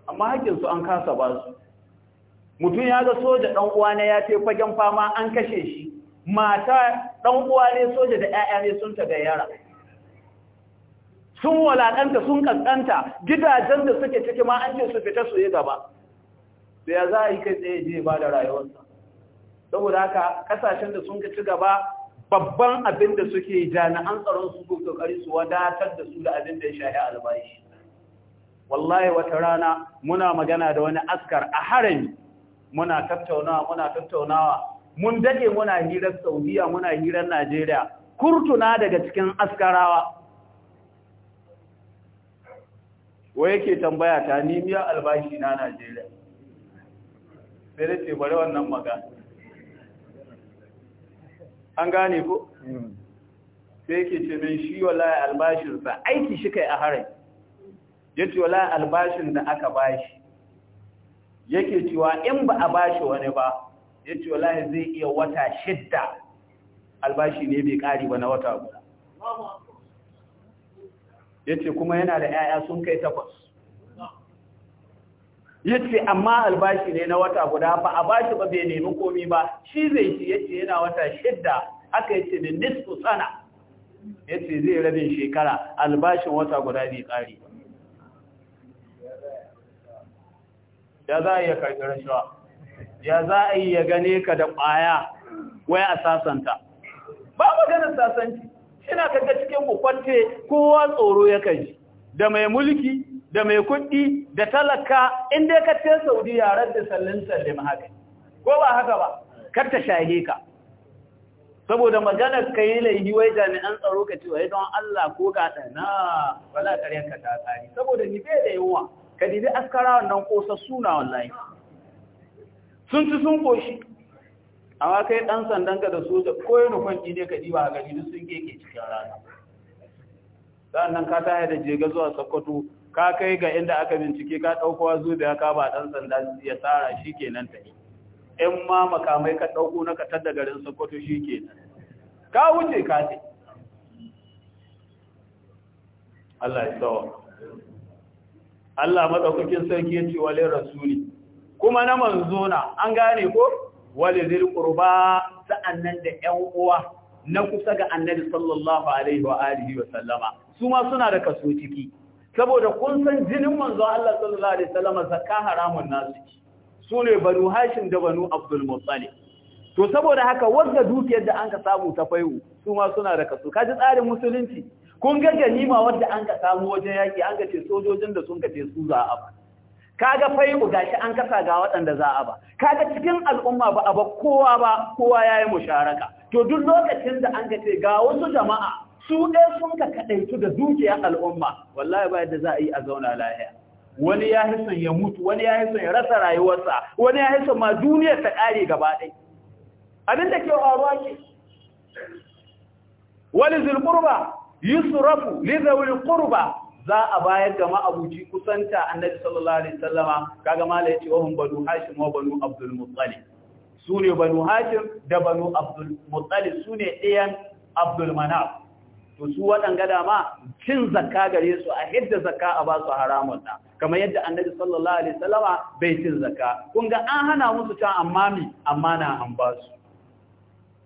amma haƙƙinsu an kasa ba su mutum ya ga soja ɗan uwa ne ya ce fagen fama an kashe shi mata ɗan uwa ne soja da 'ya'ya ne sun gayyara sun walaɗanta sun ƙanƙanta. gidajen da suke ciki ma an ce su fita su yi gaba da ya za a yi kai tsaye je ba da rayuwarsa saboda haka ƙasashen da sun ci gaba babban abin da suke jami'an tsaron su ko kokari su wadatar da su da abin da ya shahi albashi wallahi wata rana muna magana da wani askar a harami muna tattaunawa muna tattaunawa mun dade muna hirar Saudiya muna hirar Najeriya kurtuna daga cikin askarawa wa yake tambaya ta ni biya albashi na Najeriya sai da ce bari wannan magana an gane ko hmm. sai yake ce min shi wallahi albashin sa aiki shi kai a harai yace wallahi albashin da aka bashi yake cewa in ba a bashi wani ba yace wallahi zai iya wata shidda albashi ne bai kari ba na wata guda Ya ce kuma yana da 'ya'ya sun kai takwas yace amma albashi ne na wata guda ba a bashi ba bai nemi komi ba shi zai ci yace yana wata shidda aka yace da nisfu sana yace zai rabin shekara albashin wata guda bai kare ba ya za a iya karɓi rashawa ya za a iya gane ka da ƙwaya wai a sasanta ba maganar sasanci ina kaga cikin kwante kowa tsoro ya kai da mai mulki da mai kuɗi da talaka inda dai ka ce saudi yaran da sallin sallim haka ko ba haka ba kar ta shahe ka saboda maganar ka yi laihi wai jami'an tsaro ka ce don Allah ko ga ɗana wala ƙaryar ka ta tsari saboda ni bai da yawa ka dibi askara wannan ƙosa suna wallahi sun ci sun ƙoshi amma kai ɗan sandanka da soja ko yi kwanci ne ka ɗiba a gari duk sun keke cikin rana nan ka taya da jega zuwa sokoto ka kai ga inda aka bincike ka ɗaukowa zuwa ya ka ba ɗan sanda ya tsara shi kenan ta in ma makamai ka ɗauko na ka da garin sokoto shi kenan ka wuce ka ce Allah ya tsawa Allah maɗaukakin sarki ya ce wa rasuli kuma na manzona an gane ko wale zil qurba sa'annan da ƴan uwa na kusa ga annabi sallallahu alaihi wa alihi wa sallama su ma suna da kaso ciki saboda kun san jinin manzo Allah sallallahu alaihi sallama zakka haramun nasu su ne banu hashim da banu abdul muttalib to saboda haka wanda dukiyar da anka samu ta fayu su ma suna da kaso kaji tsarin musulunci kun ga ganima wanda anka samu wajen yaki an ka ce sojojin da sun ce su za a abu kaga ku gashi an kasa ga waɗanda za a ba ga cikin al'umma ba a ba kowa ba kowa yayi musharaka to duk lokacin da an gace ga wasu jama'a su ɗaya sun ka kaɗaitu da dukiyar al'umma wallahi ba yadda za a yi a zauna lahiya wani ya hisan ya mutu wani ya hisan ya rasa rayuwarsa wani ya hisan ma duniyar ta ƙare gaba ɗai abin da ke faruwa ke wani zulkurba yusrafu li qurba za a bayar ga ma'abuci kusanta annabi sallallahu alaihi sallama kaga mala yace wahun banu hashim wa banu abdul su sune banu hashim da banu abdul su sune ɗayan abdul manaf to su waɗanga dama cin zaka gare su a hidda zaka a ba su haramun kamar yadda annabi sallallahu alaihi sallama bai cin zakka kun an hana musu ta amma mi amma na an ba su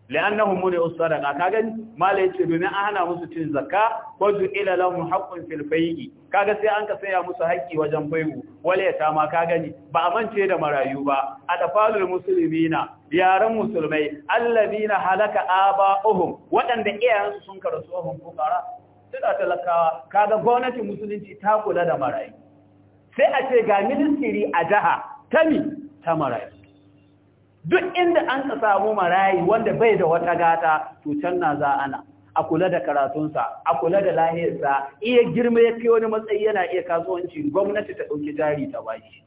la'annahum muni sadaqa kaga mala yace domin an hana musu cin zakka wa ila lahum haqqun fil fayyi kaga sai an ka saya musu haƙƙi wajen fayu wala yata ma kaga ni ba amince da marayu ba A adfalul muslimina yaran musulmai alladina halaka aba'uhum Waɗanda iyayensu sun karasu hum fukara suna talakawa kaga gwamnatin musulunci ta kula da marayu sai a ce ga ministry a jaha tami ta marayu duk inda an ka samu marayi wanda bai da wata gata to can na za ana a kula da karatunsa a kula da lahiyarsa iya girma ya kai wani matsayi yana iya kasuwanci gwamnati ta ɗauki jari ta baki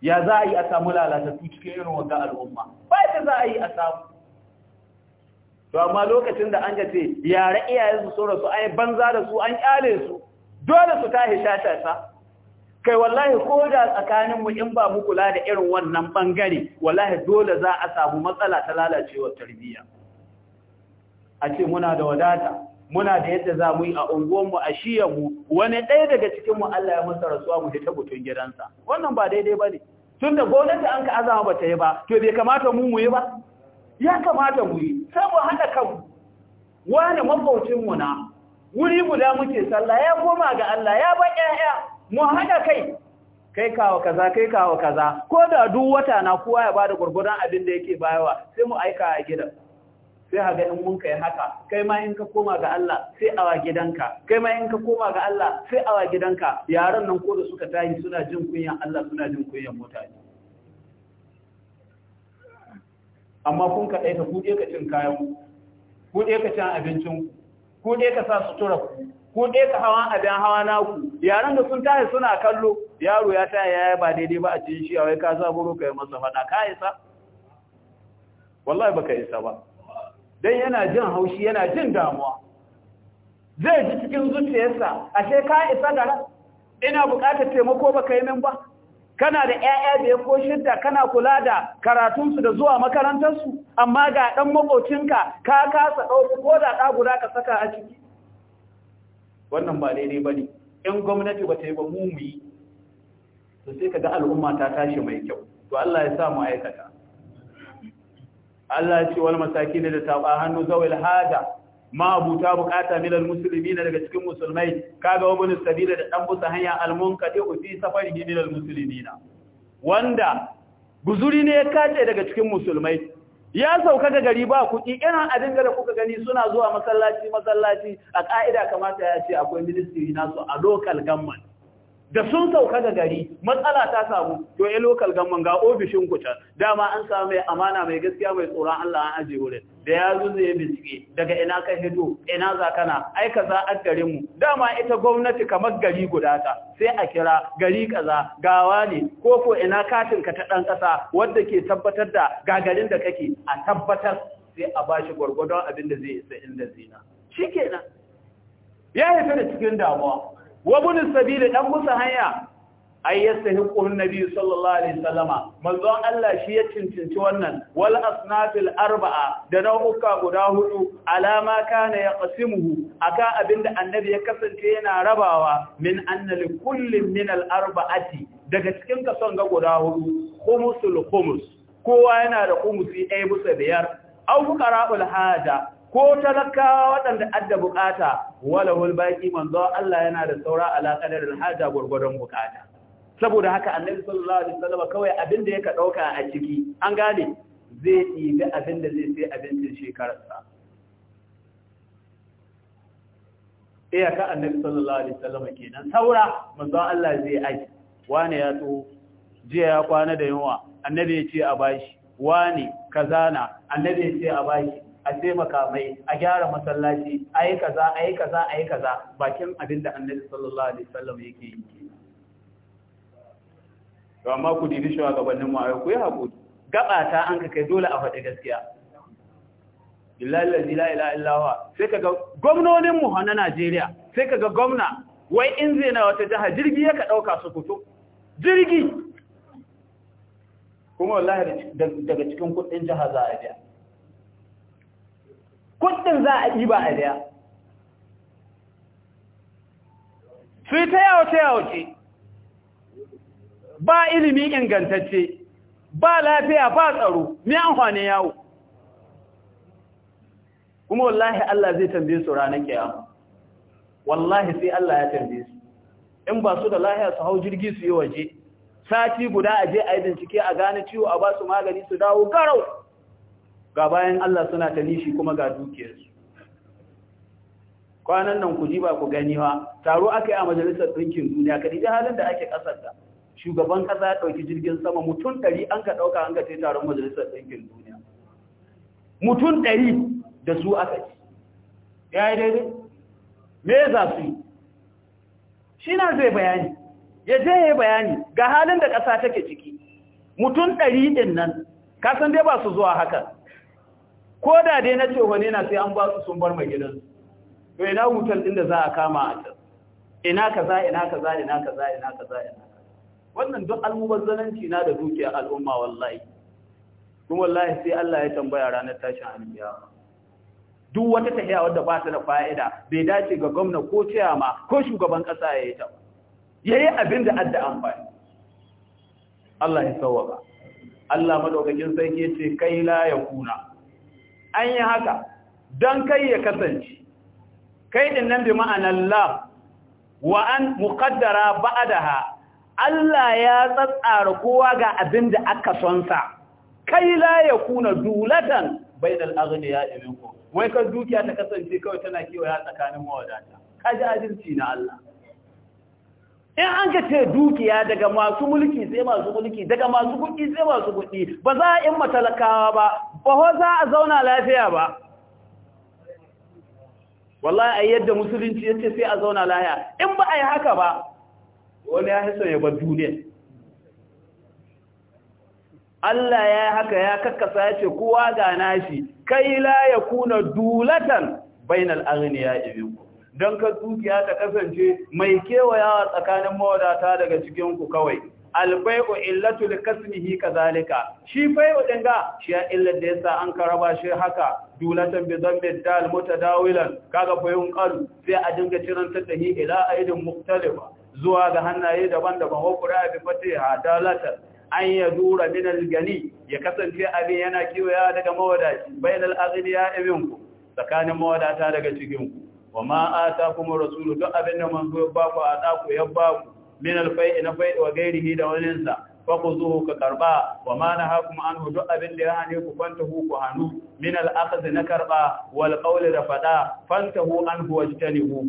ya za a yi a samu su cikin irin wanda al'umma ba ta za a yi a samu to amma lokacin da an ce yare iyayensu su rasu an banza da su an kyale su dole su tahi sa kai wallahi ko da tsakanin mu in ba mu kula da irin wannan bangare wallahi dole za a samu matsala ta lalacewar tarbiyya a ce muna da wadata muna da yadda za mu yi a mu a mu wani ɗaya daga cikinmu Allah ya masa rasuwa mu ta butun gidansa wannan ba daidai ba ne tun da gwamnati an ka azama ba ta yi ba to bai kamata mu mu yi ba ya kamata mu yi sai mu haɗa kan wani mu na wuri guda muke sallah ya koma ga Allah ya ba ƴaƴa mu haɗa kai kai kawo kaza kai kawo kaza ko da duk wata na kowa ya bada gurgurdan abin da yake bayawa sai mu aika a gidan sai ga in mun kai haka kai ma in ka koma ga Allah sai awa gidanka kai ma in ka koma ga Allah sai awa gidanka yaran nan ko da suka tahi suna jin kunyan Allah suna jin kunyan mutane amma kun ka dai ka kuɗe ka cin kayan ku kuɗe ka cin abincin ku kuɗe ka sa sutura ku ko ɗaya ka hawa abin hawa naku yaran da sun tashi suna kallo yaro ya taya yi ba daidai ba a cikin shi a wai ka buru ka yi masa faɗa ka isa wallahi baka isa ba dan yana jin haushi yana jin damuwa zai ji cikin zuciyarsa ashe ka isa da ina buƙatar taimako baka yi min ba kana da ƴaƴa da ya ko shidda kana kula da karatunsu da zuwa makarantarsu amma ga ɗan maƙocinka ka kasa ɗauki ko da ɗa guda ka saka a ciki wannan ba daidai ba ne in gwamnati ba ta yi ba mu mu yi to sai ga al'umma ta tashi mai kyau to Allah ya sa mu aikata Allah ya ce wal masakin da taba hannu zawil hada ma abuta bukata min almuslimin daga cikin musulmai kaga wani sabila da dan busa hanya almunkadi fi safari min almuslimin wanda guzuri ne ya kace daga cikin musulmai ya sauka ga gari ba kuɗi irin abin da kuka gani suna zuwa masallaci masallaci a ƙa'ida kamata ya ce akwai ministry nasu a local government da sun sauka da gari matsala ta samu to ya eh, lokal gamman ga ofishin kucan dama an samu mai amana mai gaskiya mai tsoron Allah an aje wurin da ya zuzu ya bincike daga ina ka hito ina za kana ai za a garin mu dama ita gwamnati kamar gari guda ta sai a kira gari kaza gawa ne ko ko ina katin ka ta dan kasa wanda ke tabbatar da gagarin da kake a tabbatar sai a bashi gwargwadon abin da zai isa inda zina shikenan ya yi da cikin damuwa wa bunin sabili dan musu hanya ai na biyu sallallahu alaihi Salama. manzon Allah shi ya cincinci wannan wal asnafil arba'a da nau'uka guda hudu alama kana A aka abinda annabi ya kasance yana rabawa min anna kullum min al arba'ati daga cikin kason ga guda hudu khumusul kumus kowa yana da kumusi ɗaya bisa biyar aw fuqara'ul haja ko talakawa waɗanda adda bukata wala hul man manzo Allah yana da saura ala qadarin haja gurgurdan bukata saboda haka annabi sallallahu alaihi wasallam kawai abin da yake dauka a ciki an gane zai ɗibi abin da zai sai abincin shekararsa iyaka annabi sallallahu alaihi wasallam kenan saura manzo Allah zai aiki. wane ya to jiya ya kwana da yawa annabi ya ce a bashi wane kazana annabi ya ce a bashi a taimaka mai a gyara masallaci a yi kaza a yi kaza a yi kaza bakin abin da annabi sallallahu alaihi wasallam yake yi to amma ku dini shawa gabanin mu ayo ku yi hakuri gaba ta an ka kai dole a faɗi gaskiya billahi la ilaha illa huwa sai kaga gwamnonin mu na Najeriya sai kaga gwamna wai in zai na wata jaha jirgi ya ka dauka su fito jirgi kuma wallahi daga cikin kudin jaha za a biya kudin za a ɗiba a daya su yi ta yawo ce. ba ilimin ingantacce ba lafiya ba tsaro mai hane yawo kuma wallahi Allah zai tambaye su ranar kiyama wallahi sai Allah ya tambaye su in ba su da lahiya su hau jirgi su yi waje sati guda a je a yi bincike a gane ciwo a ba su magani su dawo garau ga bayan Allah suna ta nishi kuma ga dukiyarsu kwanan nan ku ji ba ku gani ba taro aka yi a majalisar ɗinkin duniya ka ɗiɗi halin da ake ƙasar da shugaban ƙasa ya ɗauki jirgin sama mutum ɗari an ka ɗauka an ka ce taron majalisar ɗinkin duniya mutum ɗari da su aka yi ya yi daidai me za su yi shi na zai bayani ya je ya bayani ga halin da ƙasa take ciki mutum ɗari ɗin nan kasan dai ba su zuwa haka ko da dai na ce wane na sai an ba su sun bar mai gidan to ina hutar din da za a kama a can ina kaza ina kaza ina kaza ina kaza ina wannan duk almubazzalanci na da dukiya al'umma wallahi kuma wallahi sai Allah ya tambaya ranar tashin alkiyama duk wata tahiya wadda ba ta da fa'ida bai dace ga gwamna ko ciyama ko shugaban ƙasa ya yi ta yayi abin da adda amfani Allah ya sawaba Allah madaukakin sarki yace kai la yakuna an yi haka don kai ya kasance kai din nan bi ma'anar Lab wa an muqaddara ha Allah ya tsatsara kowa ga abin da aka son sa kai la ya kuna dulatan Bai ya aghniya minkum wai ka dukiya ta kasance kawai tana ya tsakanin mawadata kaji ajinci na Allah in an ka ce dukiya daga masu mulki sai masu mulki daga masu kuɗi sai masu kuɗi ba za a in matalakawa ba Baho za a zauna lafiya ba wallahi a yadda musulunci yace sai a zauna lafiya in ba a yi haka ba wani ya haso ya bar duniya Allah ya haka ya kakkasa ya ce kowa ga nashi kai la ya kuna dulatan bainal aghniya ibinku don ka dukiya ta kasance mai kewayawa tsakanin mawadata daga ku kawai albai'u illatu li kasmihi shi bai'u din ga shi ya illar da yasa an karaba shi haka dulatan bi dhammi dal mutadawilan kaga fayun qalu sai a dinga cirantar ta hi ila aidin muktalifa zuwa ga hannaye daban-daban wa qura bi fatiha dalatan an dura min gani ya kasance abin yana ya daga mawadaci bainal aghniya ibinku tsakanin mawadata daga cikin ku wa ma atakumur rasulu duk abin da manzo ba ku a daku ya baku ku min alfai na fai wa gairihi da waninsa fakuzuhu ka karba wa ma nahakum anhu duk abin da ya hane ku fantahu ku hanu min al-akhdh na karba wal qawl da fada fantahu anhu wajtanihu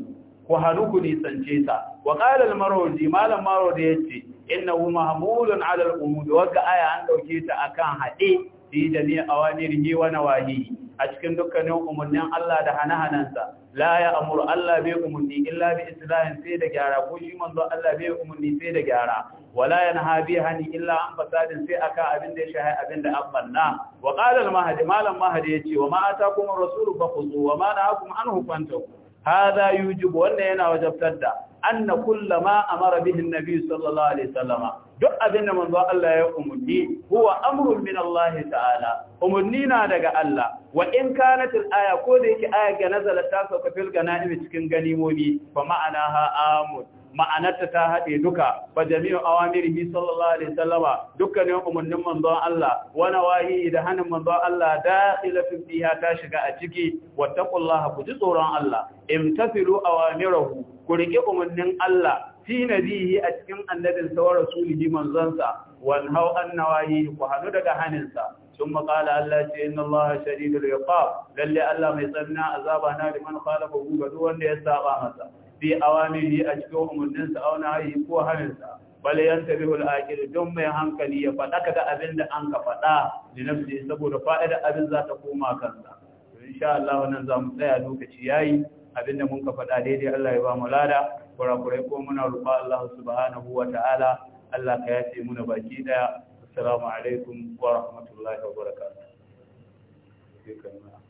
ku hanu ku nisance ta wa qala al-marudi malam marudi yace innahu mahmulun ala al-umud wa aya an dauke ta akan hade ni jami'a awamirihi wa nawahihi a cikin dukkanin umarnin Allah da hana sa. la ya amuru Allah bai umarni illa bi islahin sai da gyara ko shi manzo Allah bai umarni sai da gyara wala yanha bi hani illa an fasadin sai aka abin da ya shahi abin da abanna wa qala al mahdi malam mahdi yace wa ma atakum ar-rasul fa khudhu wa ma nahakum anhu fantahu hadha yujibu wannan yana wajabtar da anna kullama amara bihi annabi sallallahu alaihi sallama. duk abinda da manzo Allah ya umarni, huwa amrun min Allah ta'ala Umarni na daga Allah wa in kanat al-aya ko da yake aya ga nazala ta sauka fil ganaimi cikin ganimomi fa ma'anaha amun ma'anarta ta haɗe duka ba jami'u awamirihi sallallahu alaihi sallama dukkanin umarnin manzon Allah wani wahi da hannun manzon Allah da ilafin fiha ta shiga a ciki wattaqullaha ku ji tsoron Allah imtasilu awamirahu ku riƙe umarnin Allah fi nabihi a cikin annabin sa wa rasulihi manzansa wal hau annawahi ku hannu daga haninsa ثم Allah mai إن الله شديد العقاب للي الله ميصنع duk wanda ya saba masa. bi awamili a cikin umarninsa auna hayi ko harinsa bal yantabihu al-aqil don mai hankali ya faɗa ga abin da an ka faɗa da nafsi saboda fa'ida abin za ta koma kansa to insha Allah wannan za mu tsaya lokaci yayi abin da mun ka faɗa daidai Allah ya ba mu lada kurakurai ko muna ruba Allah subhanahu wa ta'ala Allah ka yafe muna baki daya assalamu alaikum wa rahmatullahi wa barakatuh